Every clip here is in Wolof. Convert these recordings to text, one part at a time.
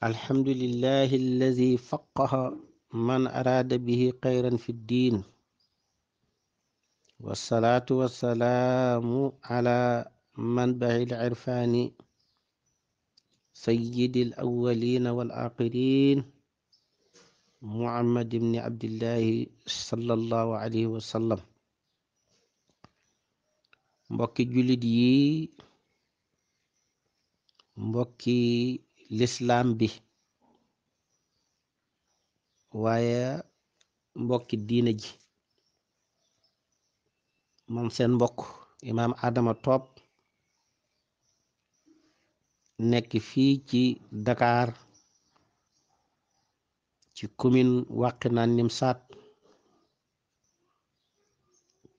الحمد لله الذي فقه من أراد به خيرا في الدين والصلاة والسلام على منبع العرفان سيد الأولين والآخرين محمد بن عبد الله صلى الله عليه وسلم mbokki jullit yi mbokki lislaam bi waaye mbokki diine ji moom seen mbokk imaam Adama Top nekk fii ci dakaar ci commune Wakhinane nimsat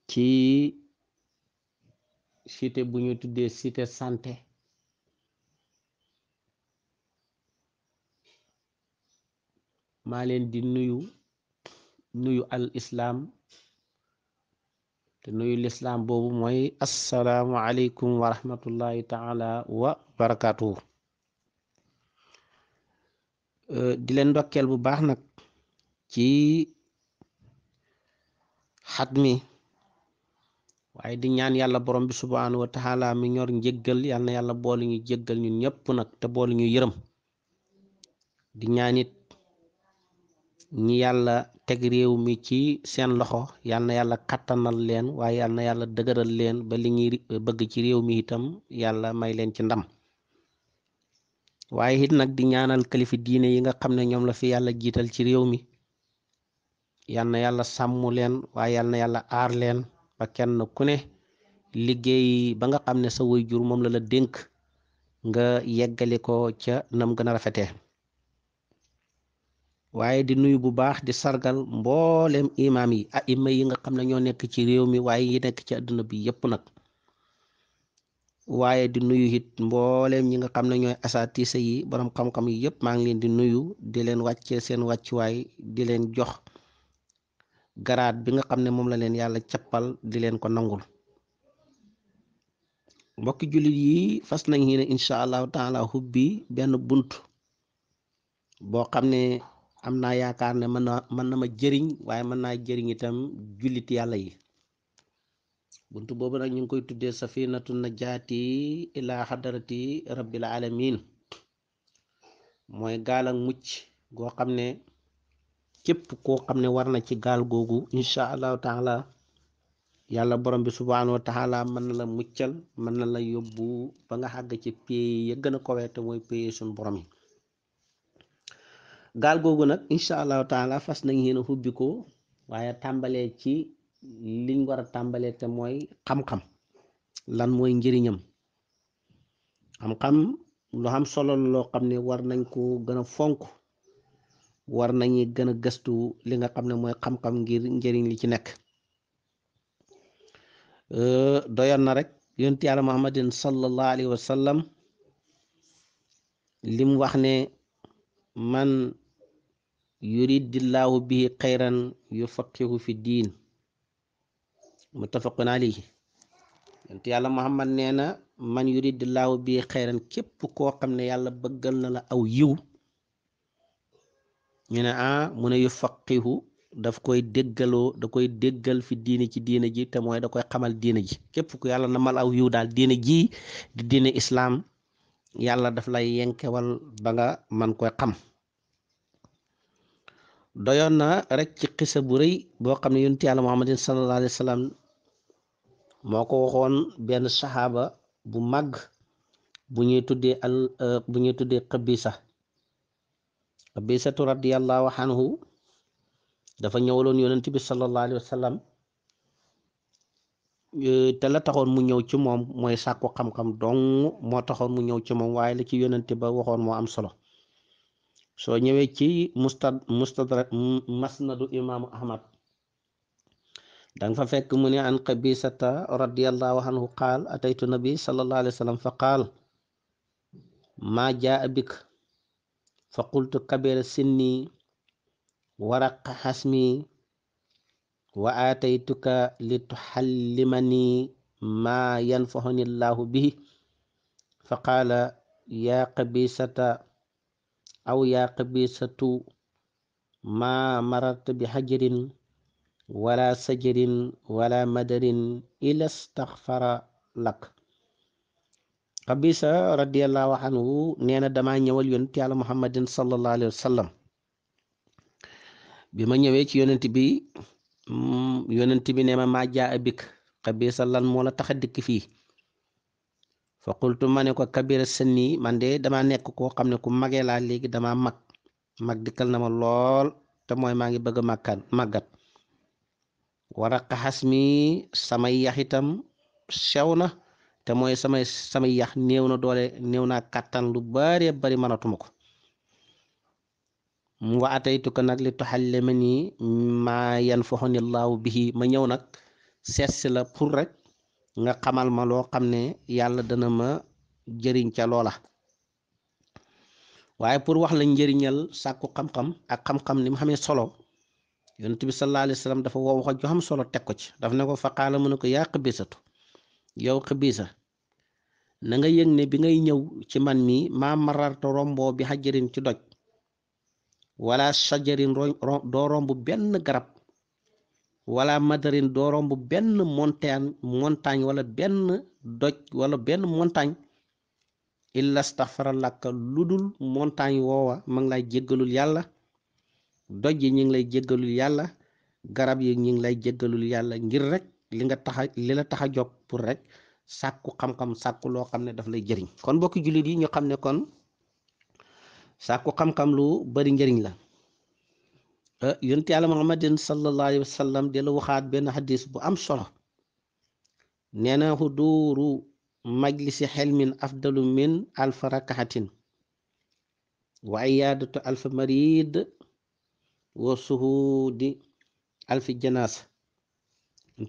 ci cité bu ñu tuddee cité santé maa leen di nuyu nuyu al islaam te nuyu lislaam boobu mooy assalaamu aleykum wa rahmatullahi taala wa barakatuhu euh, di leen ndokkeel bu baax nag ci xat mi waaye di ñaan yàlla borom bi subhaanahu mi ñor njëggal yal na yàlla boole ñu jéggal ñun ñëpp nag te boole ñu yërëm di ñaan ñi yàlla teg réew mi ci seen loxo yal yàlla kattanal leen waaye yal yàlla dëgëral leen ba li ñuy bëgg ci réew mi itam yàlla may leen ci ndam waaye it nag di ñaanal kilifa diine yi nga xam ne ñoom la fi yàlla jiital ci réew mi yal yàlla sàmm leen waaye yal yàlla aar leen ba kenn ku ne liggéey ba nga xam ne sa waajur moom la la dénk nga yeggale ko ca nam gën a rafetee waaye di nuyu bu baax di sargal mbooleem imaam yi ah imaam yi nga xam ne ñoo nekk ci réew mi waaye yi nekk ci àdduna bi yépp nag waaye di nuyu it mbooleem ñi nga xam ne ñooy asaatiisa yi borom xam-xam yi yépp maa ngi leen di nuyu di leen wàcce seen wàccuwaay di leen jox garaat bi nga xam ne moom la leen yàlla cappal di leen ko nangul mbokki jullit yi fas nañ ne incha allahu taala hubbi benn bunt boo xam ne am naa yaakaar ne mën na mën na ma jëriñ waaye mën naa jëriñ itam jullit yàlla yi bunt boobu nag ñu ngi koy tuddee safinatu najaati ila xadarati rabbil alamin mooy gaal mucc goo xam ne képp koo xam ne war na ci gaal googu incha allahu taala yàlla borom bi subhanahu wa taala mën na la muccal mën na la yóbbu ba nga xàgg ci pay ya gën a kowete mooy pay suñu borom yi gaal googu nag incha allahu taala fas nañ yéen a xubbi ko waaye tàmbalee ci liñ war a tàmbalee te mooy xam-xam lan mooy njëriñam xam-xam lu am solo loo xam ne war nañ ko gën a fonk war nañu gën a gëstu li nga xam ne mooy xam-xam ngir njëriñ li ci nekk doyoon na rek yonti yàlla muhammadin sallallahu alayhi wa lim wax ne man yuridillaahu bihi xayran yufaqihu fi diin muttafaqun alayhi yonent yàlla muhammad nee na man yuridillaahu bihi xayran képp koo xam ne yàlla baggal na la aw yiw ñu ne ah mu ne yufaqihu daf koy déggaloo da koy déggal fi diine ci diine ji te da koy xamal diina ji képp ku yàlla na mal aw yiw daal diine ji di diine islaam yàlla daf lay yenkewal ba man koy xam doyoon na rek ci xisa bu rëy boo xam ne yonent yàlla muhammadin sallallahu alayhi wa sallam moo ko waxoon benn saxaaba bu màgg bu ñuy tuddee al euh, bu ñuy tuddee xabisa xabisatu radiallahu anhu dafa ñëwaloon yonent bi sallallahu alayhi sallam euh, te la taxoon mu ñëw ci moom mooy sàkku xam-xam dong moo taxoon mu ñëw ci moom waaye la ci yonent ba waxoon moo am solo soo ñëwee ci mustad mustadrak masnadu imaamu ahmad danga fa fekk mu ne an qabisata radiallahu anhu qaal ataytu nabi sallallahu alayhi wa sallam fa qaal maa jaa bik fa qultu kabira sinni waraq xasmi wa ataytuka li tuxallimani maa yanfaxuni llahu bihi fa qaala yaa qabisata aw yaa qabisatu ma marat bi xajarin wala sajarin wala madarin ila staxfara lak qabisa radiallahu anhu nee na damaa ñëwal yonent yàlla muhammadin sallallahu alayhi wa sallam bi ma ñëwee ci yonent bi mm, yonent bi ne ma jaa abik qabisa lan moo la tax a fii fa qultu ma ne ko kabira nii man de dama nekk koo xam ne ku magee laa léegi dama mag mag dikkal na ma lool te mooy maa ngi bëgg a màkkan màggat waraqa xas mi sama yax itam sew na te mooy samay yax néew na doole néew naa kàttan lu bare bari mënatuma ko wa ataytuka nag li tuxallima nii maa yanfaxuni llaahu bihi ma ñëw nag seet si pour rek nga xamal ma loo xam ne yàlla dana ma jëriñ ca loola waaye pour wax la njëriñal sàkku xam-xam ak xam-xam ni mu xamee solo yonent bi sallallahu alayhi wa sallam dafa woo wax ju xam solo teg ko ci daf ne ko faqaala mën na ko yaa xabisatu yow xabisa na nga yëg ne bi ngay ñëw ci man mi maa mararta romboo bi xajarin ci doj wala sajarin doo romb benn garab wala madarin doo romb benn montagne montagne wala benn doj wala benn montagne illa astaghfara laka lu dul montagne woowa ma lay jéggalul yàlla doj yi ñu ngi lay jéggalul yàlla garab yi ñu ngi lay jéggalul yàlla ngir rek li nga tax li la tax a jóg pour rek sàkku xam-xam sàkku loo xam ne daf lay jëriñ kon mbokki jullit yi ñu xam ne kon sàkku xam-xam lu bari njëriñ la yonent yàlla muhammadin sallallahu alayhi wa la waxaat benn xadis bu am solo nee na xuduuru majlisi xelmin afdalu min alfa rakaxatin wa iyaadatu alfa marid wa suhuudi alfi janaasa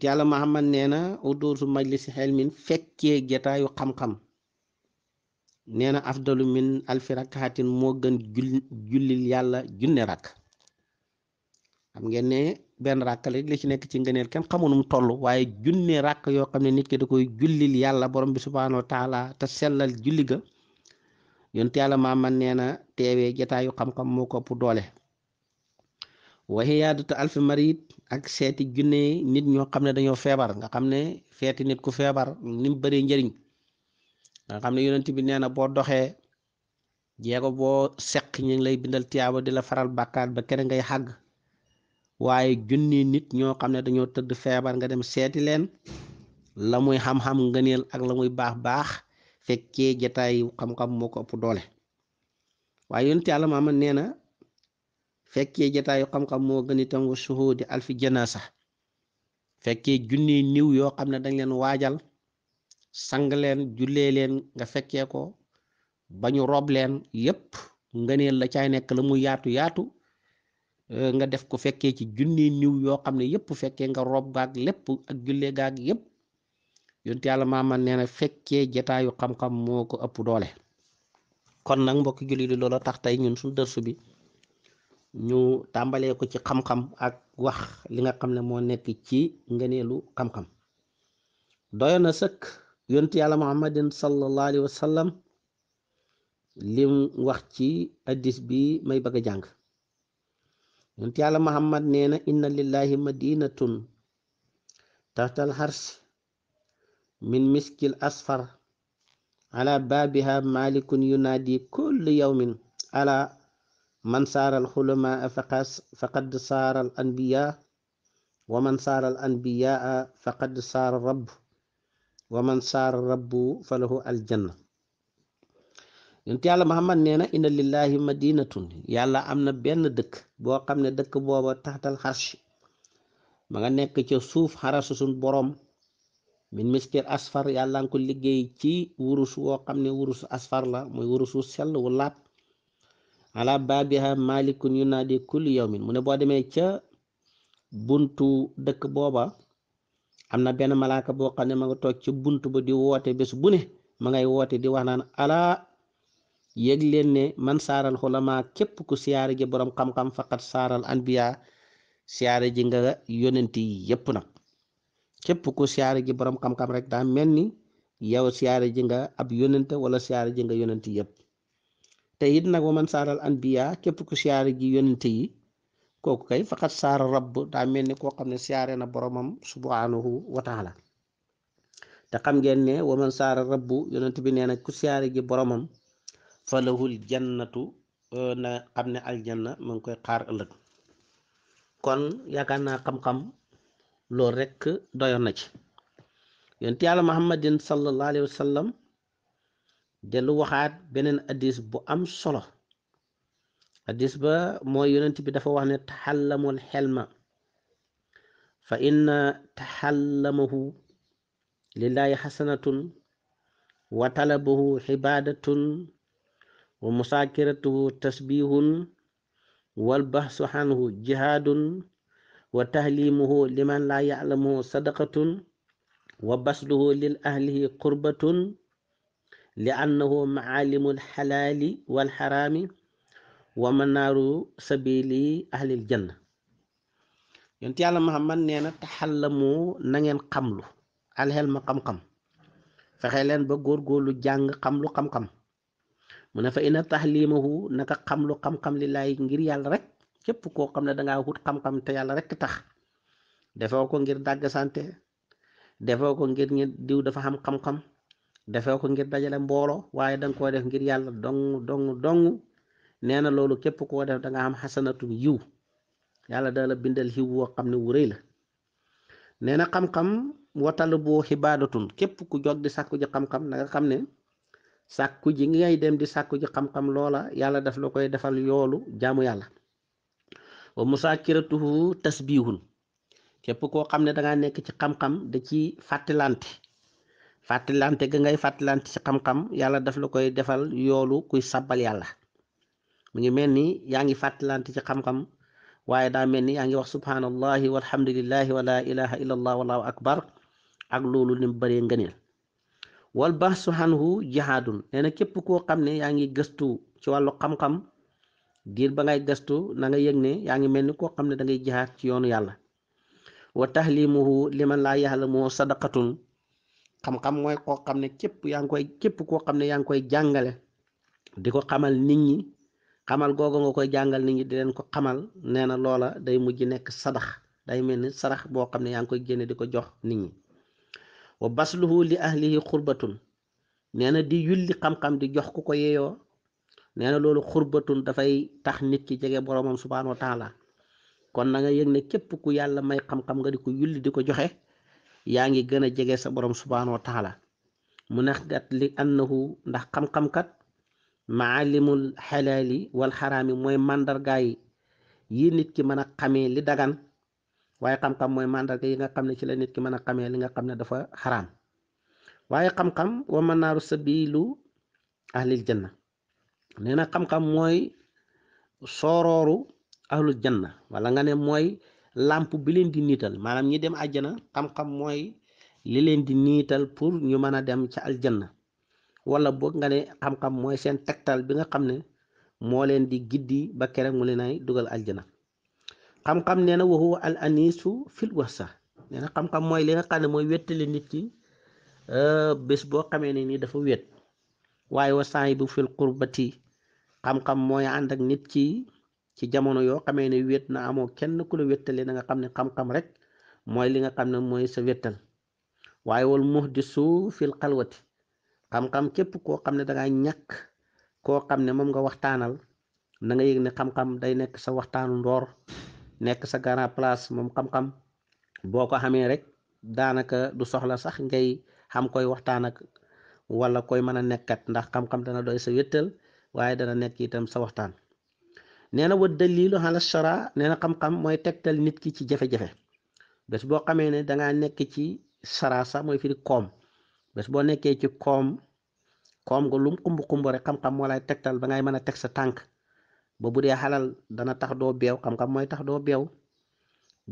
yonent muhammad nee na xuduuru majlisi xelmin fekkee jataayu xam-xam nee afdalu min alfi rakaxatin moo gën yàlla junne rakk xam ngeen ne benn ràkk la li ci nekk ci ngëneel kenn xamunum tollu waaye junne ràkk yoo xam ne nit ki da koy jullil yàlla borom bi subhaanahu wa taala te sellal julli ga yonent yàlla maa man nee na teewee jataayu xam-xam moo ko ëpp doole waxiyaadatu alfi marit ak seeti junne nit ñoo xam ne dañoo feebar nga xam ne feeti nit ku feebar ni mu bëree njëriñ nga xam ne yonent bi nee na boo doxee jéego boo seq ñu ngi lay bindal tiyaaba di la faral bàkkaat ba ngay xàgg waaye junni nit ñoo xam ne dañoo tëdd feebar nga dem seeti leen la muy xam-xam ngëneel ak la muy baax baax fekkee jataay xam-xam moo ko ëpp doole waaye yonent yàlla maama nee na fekkee jataayu xam-xam moo gën itam wa suhuudi alfi janaasa fekkee junni niiw yoo xam ne dañ leen waajal sang leen jullee leen nga fekkee ko bañu rob leen yépp ngëneel la caay nekk la muy yaatu yaatu Euh, nga def ko fekkee ci junni niw yoo xam ne yëpp fekkee nga rob gaag lépp ak jullee gaag yëpp yonent yàlla maama nee na fekkee jataayu xam-xam moo ko ëpp doole kon nag mbokk julli di loola tax tey ñun suñu dërsu bi ñu tàmbalee ko ci xam-xam ak wax li nga xam ne moo nekk ci ngëneelu xam-xam doyo na sëkk yonent yàlla muhammadin sallallahu alayhi wa sallam lim wax ci addis bi may bëgg a jàng yonent yàlla muhammad nee na lillahi madinatun taxtal xars min miskil asfar ala baabiha malikun yunaadi kull yawmin ala man saaral xulamaa faqas faqad saaral anbiya wa man saaral anbiyaa faqad saara rabb wa man saara rabbu falahu aljanna yonent yàlla Muhammad nee na inna lillahi madinatun yàlla am na benn dëkk boo xam ne dëkk booba taxtal xarshi ma nga nekk ca suuf xarasu suñ boroom min miskir asfar yàlla nga ko liggéey ci wurus woo xam ne wurusu asfar la mooy wurusu sell wu laab ala baabiha malikun yunaadi kulli yawmin mu ne boo demee ca buntu dëkk booba am na benn malaaka boo xam ne ma nga toog ca bunt ba di woote bés bu ma ngay woote di wax naan ala yëg leen ne man saaral xulama képp ku siyaare ji borom xam-xam faqat saaral anbiya siyaare ji nga yonent yi yépp nag képp ku siyaare ji boroom xam-xam rek daa mel ni yow siyaare ji nga ab yonente wala siyaare ji nga yonent te it nag wa man saaral anbiya képp ku siyaare ji yonent yi kooku kay faqat saara rabb daa mel ni koo xam ne siyaare na boromam subhanahu wa taala te xam ngeen ne wa man saara rabbu yonent bi nee ku siyaare ji boromam falahul jannatu euh, na xam ne aljanna mu ngi koy xaar ëllëg kon yaakaar naa xam-xam loolu rekk doyoon na ci yonent yàlla muhammadin sallallahu alayhi wa sallam dellu waxaat beneen hadis bu am solo addis ba mooy yonent bi dafa wax ne xel ma fa inna taxallamahu lillaahi xasanatun wa talabahu xibaadatun wa musaakiratuhu tasbihun wal bahsu anhu jihaadun wa tahlimuhu liman laa ya'lamuhu sadaqatun wa basluhu lil ahlihi qurbatun li annahu maalimul xalaali wal xaraami wa manaaru sabili ahlil janna yonent yàlla Muhammad nee na taxallamu na ngeen xamlu alxel ma xam-xam fexe leen ba góorgóorlu jàng xamlu xam-xam mu ne fa ina tahlimahu naka xam lu xam-xam li ngir yàlla rek képp koo xam ne dangaa wut xam-xam te yàlla rek tax defoo ko ngir dàgg sante defoo ko ngir ñu diw dafa xam xam-xam defoo ko ngir dajale mbooloo waaye danga koo def ngir yàlla dong dong dong nee na loolu képp koo def danga am xasanatu yiw yàlla da la bindal yiw woo xam ne wu rëy la nee na xam-xam boo boo xibaadatun képp ku jog di sàkku ji xam-xam na xam ne sàkku ji ngay dem di sàkku ji xam-xam loola yàlla def la koy defal yoolu jaamu yàlla wa musaakiratuhu tasbihun képp koo xam ne dangaa nekk ci xam-xam da ci fàttilante fàttilante ga ngay fàttilante ci xam-xam yàlla def la koy defal yoolu kuy sabbal yàlla mu ngi mel ni yaa ngi fàttilante ci xam-xam waaye daa mel ni yaa ngi wax subhanallahi walhamdulillahi wa la ilaha illallah wallahu akbar ak loolu ni mu bëree ngëneel wal bahsu anhu jihaadun nee na képp koo xam ne yaa ngi gëstu ci wàllu xam-xam diir ba ngay gëstu nanga nga yëg ne yaa ngi mel ni koo xam ne dangay ngay ci yoonu yàlla tax lii mu tahlimuhu liman laa moo sadaqatun xam-xam mooy koo xam ne képp yaa ngi koy képp koo xam ne yaa ngi koy jàngale di ko xamal nit ñi xamal googu nga koy jàngal nit ñi di leen ko xamal nee na loola day mujj nekk sadax day mel ni sarax boo xam ne yaa ngi koy génne di ko jox nit ñi o wa basluhu li ahlihi xurbatun nee na di yulli xam-xam di jox ku ko yeeyoo nee na loolu xurbatun dafay tax nit ki jege boroomam subhaanahu wa taala kon nanga nga yëg ne képp ku yàlla may xam-xam nga di ko yulli di ko joxe yaa ngi gën a jege sa borom subhaanahu wa taala mu neex gat li annahu ndax xam-xam kat maalimul xalaali wal xaraami mooy màndargaay yi nit ki mën a xamee li dagan waaye xam-xam mooy màndarga yi nga xam ne ci la nit ki mën a xamee li nga xam ne dafa xaraam waaye xam-xam wa manaaru sabilu ahlil janna nee na xam-xam mooy soorooru ahlul janna wala nga ne mooy làmp bi leen di maanaam ñi dem àjjana xam-xam mooy li leen di niital pour ñu mën a dem ca aljanna wala boog nga ne mooy seen tegtal bi nga xam ne moo leen di giddi ba keroog mu leen ay dugal aljana xam-xam nee na wa huwa al fil wasa sax na xam mooy li nga xam ne mooy wettali nit ki euh, bés boo xamee ne nii dafa wet waaye wa yi bu fil qurbati xam-xam mooy ànd ak nit ki ci jamono yoo xamee ne wet na amoo kenn ku la wettalee na nga xam ne xam rek mooy li nga xam ne mooy sa wettal waaye wal muhdisu fil xalwati xam-xam képp koo xam ne danga ñàkk koo xam ne moom nga waxtaanal na nga yëg ne xam-xam day nekk sa waxtaanu ndoor nekk sa grand place moom xam-xam boo ko xamee rek daanaka du soxla sax ngay xam koy waxtaan ak wala koy mën a nekkat ndax xam-xam dana doy sa wéttal waaye dana nekk itam sa waxtaan nee na wa dalilu ala shara nee na xam-xam mooy tegtal nit ki ci jafe-jafe bés boo xamee ne dangaa nekk ci shara sax mooy firi koom bés boo nekkee ci koom koom nga lum kumb kumb rek xam-xam moo tegtal ba ngay mën a teg sa tànk ba bu dee xalal dana tax doo beew xam-xam mooy tax doo beew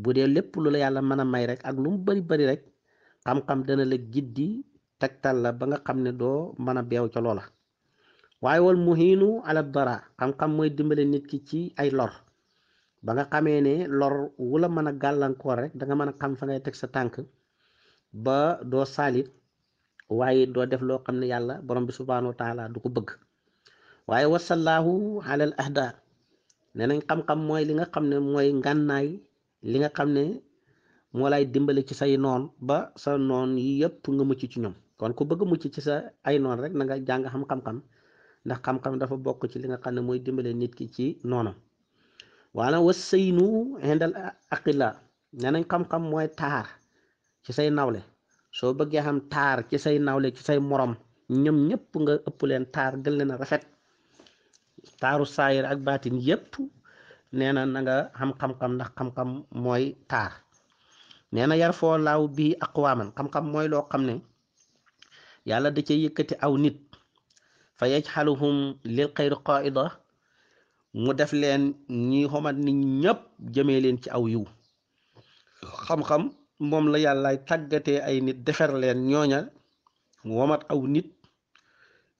bu dee lépp lu la yàlla mën a may rek ak lu mu bari bari rek xam-xam dana la giddi tegtal la ba nga xam ne doo mën a beew ca loola waaye wal muhiinu ala dara xam-xam mooy dimbale nit ki ci ay lor ba nga xamee ne lor wu la mën a gàllankoor rek danga nga mën a xam fa ngay teg sa tànk ba doo saalit waaye doo def loo xam ne yàlla borom bi subhaanahu wa taala du ko bëgg waaye wasallaahu alal ahdaar nee nañ xam-xam mooy li nga xam ne mooy ngànnaay li nga xam ne moo lay dimbali ci say noon ba sa noon yi yëpp nga mucc ci ñoom kon ku bëgg mucc ci sa ay noon rek na nga jàng xam xam ndax xam-xam dafa bokk ci li nga xam ne mooy dimbale nit ki ci noonam wala wasaynu indal aqila nee nañ xam-xam mooy taar ci say nawle soo bëggee xam taar ci say nawle ci say morom ñoom ñëpp nga ëpp leen taar gën leen a rafet taaru saayir ak baatin yépp nee na na nga xam xam-xam ndax xam-xam mooy taar nee na yar foo laaw bii aqwaaman xam-xam mooy loo xam ne yàlla da cay yëkkati aw nit fa yajxaluhum lil xayri qaida mu def leen ñuy xomat nit ñëpp jëmee leen ci aw yiw xam-xam moom la yàllaay tàggatee ay nit defar leen ñooña womat aw nit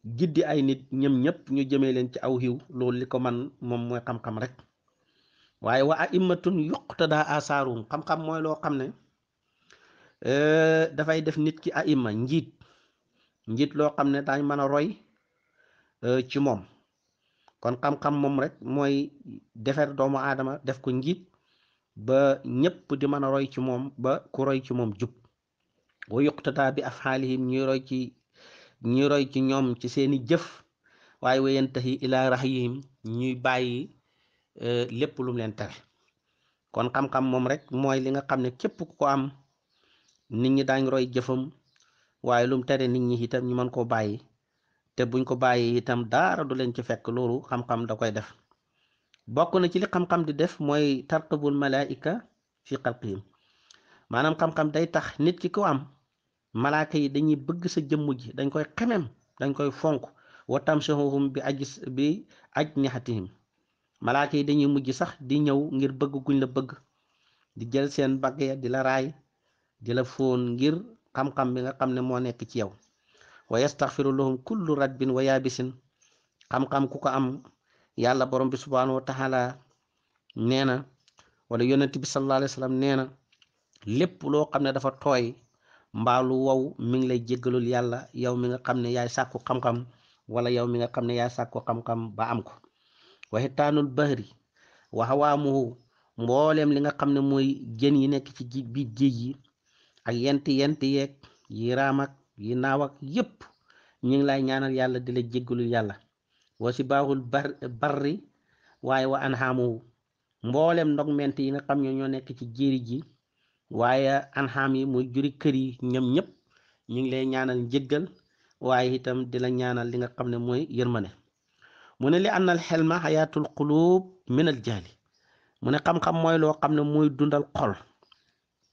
giddi ay nit ñoom ñëpp ñu jëmee leen ci aw xiw loolu li ko man moom mooy xam-xam rek waaye wa aimmatun yuqtada asaarum xam-xam mooy loo xam ne euh, dafay def nit ki a aima njiit njiit loo xam ne daañ mën a roy euh, ci moom kon xam-xam moom rek mooy defer doomu aadama def ko njiit ba ñëpp di mën a roy ci moom ba ku roy ci moom jub wa yuqtada bi afaalihim ñuy roy ci ñuy roy ci ñoom ci seeni jëf waaye wayantahi ilaa rahyihim ñuy bàyyi e, lépp lum leen tere kon xam-xam moom rek mooy li nga xam ne képp ku ko am nit ñi daan roy jëfam waaye lum tere nit ñi itam ñu mën koo bàyyi te buñ ko bàyyi itam daara du leen ci fekk loolu xam-xam da koy def bokk na ci li xam-xam di def mooy tarqibul malaika fi xalqihim maanaam xam-xam day tax nit ki ko am malaaka yi dañuy bëgg sa jëmm ji dañ koy xemem dañ koy fonk wa tamsahum bi ajis bi aj nixatihim malaaka yi dañuy mujj sax di ñëw ngir bëgg guñ la bëgg di jël seen bagg di la raay di la fon ngir xam-xam bi nga xam ne moo nekk ci yow wa yastaxfiru lahum kullu radbin wa yaabisin xam-xam ku ko am yàlla borom bi subhaanahu wa taala nee na wala yonent bi sallallahu alayhi wa nee na lépp loo xam ne dafa tooy mbaalu wow mi ngi lay jéggalul yàlla yow mi nga xam ne yaay sàkku xam-xam wala yow mi nga xam ne yaay sàkku xam-xam ba am ko waxitaanul bahri waxawaamuhu mbooleem li nga xam ne mooy jën yi nekk ci biir géej yi ak yenti yenti yeeg yi raam ak yépp ñu ngi lay ñaanal yàlla di la jéggalul yàlla wa si baaxul mbooleem ndog ment yi nga xam ne ñoo nekk ci jéeri ji waaye anxaam yi muy juri kër yi ñoom ñëpp ñu ngi lay ñaanal njëggal waaye itam di la ñaanal li nga xam ne mooy yërmane mu ne li annal xelma xayaatul xuluub minal jaali mu ne xam-xam mooy loo xam ne mooy dundal xool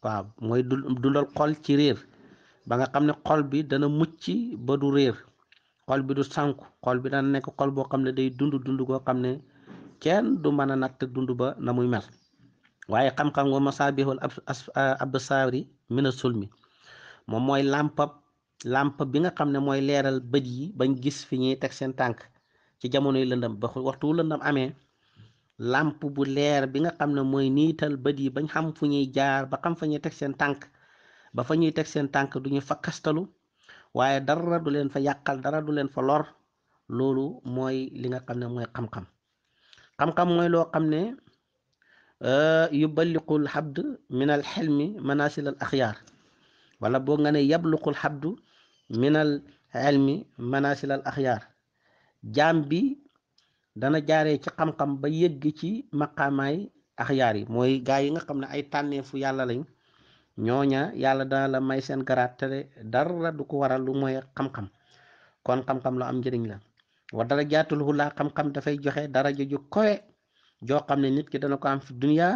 waaw mooy dundal xool ci réer ba nga xam ne xool bi dana mucc ba du réer xol bi du sànku xool bi dana nekk xol boo xam ne day dund dund goo xam ne kenn du mën a natt dund ba na muy mel waaye xam-xam nga masaabihul ah, absaari mina sulmi moom mooy làmpab làmp bi nga xam ne mooy leeral bët yi bañ gis fi ñuy teg seen tànk ci jamonoy lëndam ba waxtu lëndam amee làmp bu leer bi nga xam ne mooy niital bët yi bañ xam fu ñuy jaar ba xam fa ñuy teg seen tànk ba fa ñuy teg seen tànk du ñu fa kastalu waaye dara du leen fa yàqal dara du leen fa lor loolu mooy li nga xam ne mooy xam-xam xam-xam mooy loo xam ne yuballiqul xabd min al xilmi manasil al axyaar wala boo nga ne yabluqul xabdu minal al xilmi manasil al jaam bi dana jaaree ci xam-xam ba yëgg ci maqaamaay axyaar yi mooy gaa yi nga xam ne ay tànneefu yàlla lañ ñooña yàlla dana la may seen garaat te dara du ko waral lu mooy xam-xam kon xam-xam lu am njëriñ la wa dara jaatul hulaa xam-xam dafay joxe dara ju kowe joo xam ne nit ki dana ko am fi dunya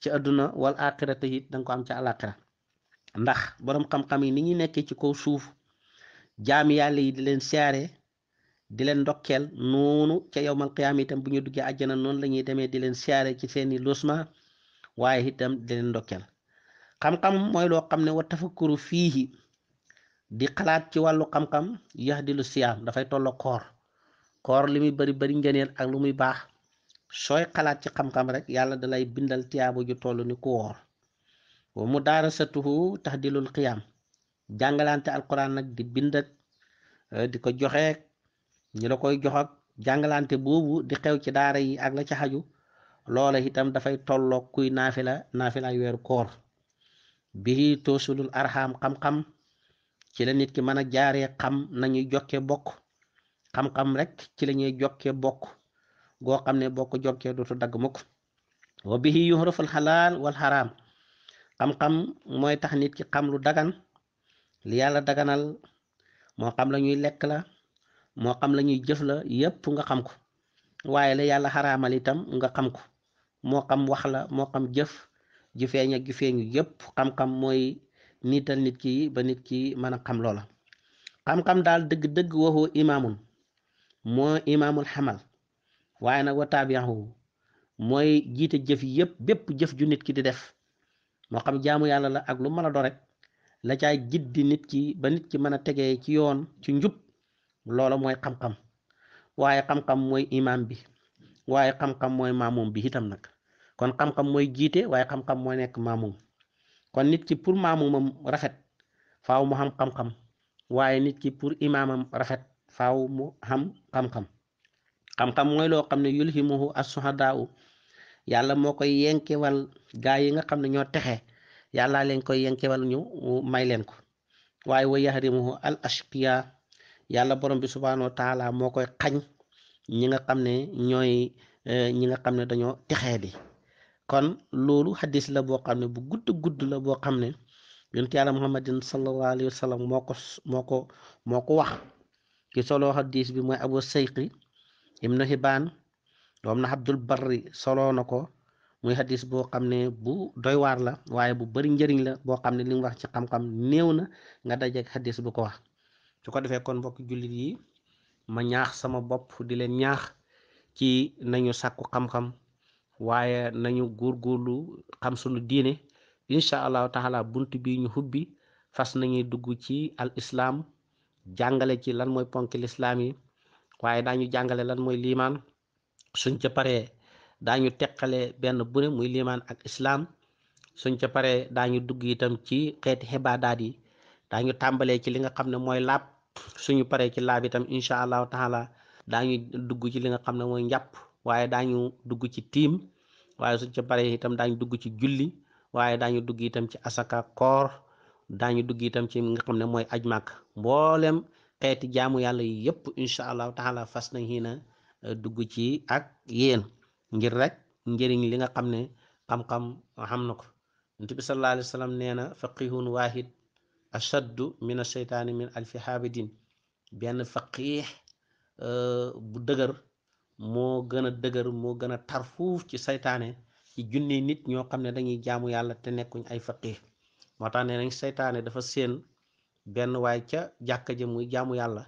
ci àdduna wal axirata it danga ko am ci àlaxira ndax boroom xam-xam yi ni ñi nekkee ci kaw suuf jaami yàlla yi di leen siyaare di leen ndokkeel noonu ca yowmal qiyaam itam bu ñu duggee àjjana noonu la demee di leen siyaare ci seeni losma waaye itam di leen ndokkeel xam-xam mooy loo xam ne wa tafakkuru fii di xalaat ci wàllu xam-xam yax di dafay tolloo koor koor li muy bari bari ngëneel ak lu muy baax sooy xalaat ci xam-xam rek yàlla dalay bindal tiyaabo ju toll ni mu daara wa tax daarasatuhu tahdilul qiyaam jàngalante alquran nag di bind eh, di ko joxe ñu la koy jox jàngalante boobu di xew ci daara yi ak la ca xaju loola itam dafay tollook kuy naafila naafila weeru koor bii toosulul arxaam xam-xam ci la nit ki mën a jaaree xam nañuy jokke bokk xam-xam rek ci la ñuy jokke bokk goo xam ne boo ko jonkee dootu dagg mukk wa bihi yuhraful xalaal wal xaraam xam-xam mooy tax nit ki xam lu dagan li yàlla daganal moo xam la ñuy lekk la moo xam la ñuy jëf la yépp nga xam ko waaye la yàlla xaraamal itam nga xam ko moo xam wax la moo xam jëf ju feeñ ak ju yépp xam-xam mooy niital nit ki ba nit ki mën a xam loola xam-xam daal dëgg-dëgg waxoo imaamun moo imaamul xamal waaye nag wa taabiahu mooy jiite jëf yëpp bépp jëf ju nit ki di def moo xam jaamu yàlla la ak lu mën a do rek la caay jiddi nit ki ba nit ki mën a tegee ci yoon ci njub loola mooy xam-xam waaye xam-xam mooy imaam bi waaye xam-xam mooy maamoom bi itam nag kon xam-xam mooy jiite waaye xam-xam mooy nekk maamoom kon nit ki pour maamumam rafet faaw mu xam xam-xam waaye nit ki pour imaamam rafet faaw mu xam xam-xam xam-xam mooy loo xam ne yulhimuhu as-suhadaaw yàlla moo koy yenkewal gaa yi nga xam ne ñoo texe yàllaa leen koy yenkewal ñu may leen ko waaye woo wa yahrimuhu al ashqiya yàlla borom bi subhaanahu wa taala moo koy xañ ñi nga xam ne ñooy eh, ñi nga xam ne dañoo texee di kon loolu hadis la boo xam ne bu gudd gudd la boo xam ne yonent yàlla muhammadin sallallahu alayhi wa sallam moo ko moo ko moo ko wax ki solo hadis bi mooy abu sayqi ibnu hibaan doom na abdul barri soloo na ko muy hadis boo xam ne bu doywaar la waaye bu bari njëriñ la boo xam ne li wax ci xam-xam néew na nga dajeek hadis bu ko wax su ko defee kon mbokk jullit yi ma ñaax sama bopp di leen ñaax ci nañu sakku xam-xam waaye nañu góorgóorlu xam sunu diine incha allahu taala bunt bi ñu hubbi fas nañuy dugg ci al islaam jàngale ci lan mooy ponk lislaam yi waaye daañu jàngale lan mooy liimaan suñ ca paree daañu teqale benn bu muy liimaan ak islaam suñ ca paree daañu dugg itam ci xeeti xibaadaat yi daañu tàmbalee ci li nga xam ne mooy laab suñu pare ci laab itam incha allahu taala daañu dugg ci li nga xam ne mooy njàpp waaye daañu dugg ci tiim waaye suñ ca paree itam daañu dugg ci julli waaye daañu dugg itam ci asaka koor daañu dugg itam ci nga xam ne mooy aj màkk mboolem xeeti jaamu yàlla yi yëpp incha allahu taala fas nañ xii na eh, dugg ci ak yéen ngir rek njëriñ li nga xam ne xam-xam xam na ko yonent bi sallallahu alayhi wa sallam nee na faqihun wahid ashaddu min asheytaani min alfi xaabidin benn faqiix eh, bu dëgër moo gën a dëgër moo gën a tar fuuf ci saytaane ci junne nit ñoo xam ne dañuy jaamu yàlla te nekkuñ ay faqiix moo tax nee nañ dafa seen benn waaye ca jàkka ja muy jaamu yàlla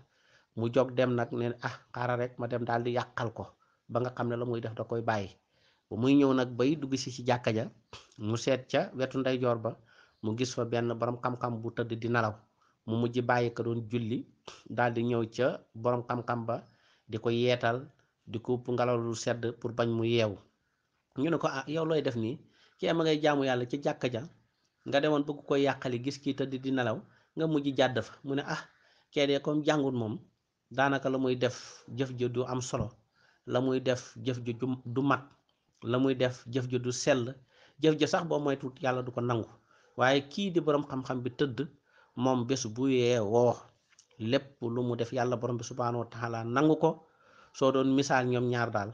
mu jog dem nag ne ah xaaral rek ma dem daal di yàqal ko ba nga xam ne la muy def da koy bàyyi bu muy ñëw nag bay dugg si ci jàkka ja mu seet ca wetu ndeyjoor ba mu gis fa benn borom xam-xam bu tëdd di nelaw mu mujj bàyyi ko doon julli daal di ñëw ca borom xam-xam ba di ko yeetal di ko upp ngelaw lu sedd pour bañ mu yeewu ñu ne ko ah yow looy def nii kii am ngay jaamu yàlla ci jàkka ja nga demoon bëgg koy yàqali gis kii tëdd di nelaw. nga mujj jàdd fa mu ne ah keedee comme jàngut moom daanaka la muy def jëf ja du am solo la muy def jëf ja du mat la muy def jëf ja du sell jëf ja sax boo moytuwut yàlla du ko nangu waaye kii di borom xam-xam bi tëdd moom bés bu yeewoo lépp lu mu def yàlla borom bi subhaanahu wa taala nangu ko soo doon misaal ñoom ñaar daal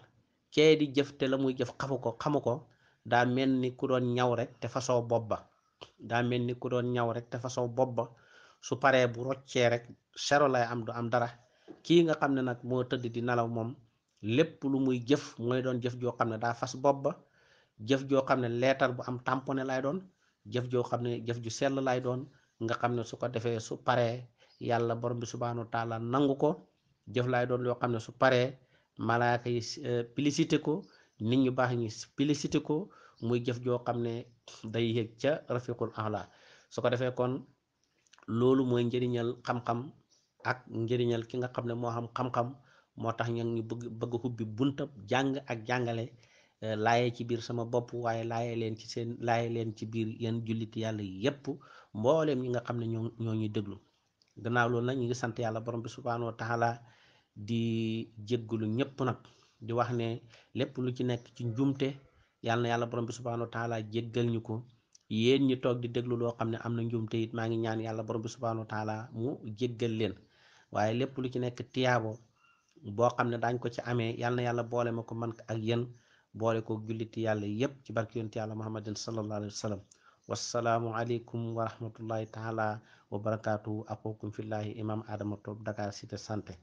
kee di jëf te la muy jëf xamu ko xamu ko daa mel ni ku doon ñaw rek te fasoo bopp ba daa mel ni ku doon ñaw rek te fasoo bopp ba su paree bu roccee rek sero lay am du am dara kii nga xam ne nag moo tëdd di nelaw moom lépp lu muy jëf mooy doon jëf joo xam ne daa fas bopp ba jëf joo xam ne leetar bu am tamponné lay doon jëf joo xam ne jëf ju sell lay doon nga xam ne su ko defee su paree yàlla borom bi subhaanahu wa taala nangu ko jëf lay doon yoo xam ne su paree malaaka yi euh, publicité ko nit ñu baax ñi publicité ko muy jëf joo xam ne day yëg ca rafiqul ahla su ko defee kon loolu mooy njëriñal xam-xam ak njëriñal ki nga xam ne moo xam xam-xam moo tax ñun ñu bëgg bëgg xubbi bunta jàng ak jàngale eh, laayee ci biir sama bopp waaye laaye leen ci seen laaye leen ci biir yéen jullit yàlla yépp mbooleem ñi nga xam ne ñoo ñoo ñuy déglu gannaaw loolu nag ñu ngi sant yàlla borom bi subhaanahu wa di di jéggalu ñëpp nag di wax ne lépp lu ci nekk ci njumte yàlla yàlla borom bi subhaanahu wa taala jéggal ñu ko yéen ñi toog di déglu loo xam ne am na njuumte it maa ngi ñaan yàlla borom bi subhaanahu wa mu jéggal leen waaye lépp lu ci nekk tiyaabo boo xam ne daañ ko ci amee yàlla yàlla boole ma ko man ak yéen boole ko jullit yàlla yépp ci barki yonent yàlla muhammadin sallallahu alayhi wa sallam wassalaamu aleykum wa rahmatullahi taala wa barakaatu axukum fillahi imam adama toob Dakar cité santé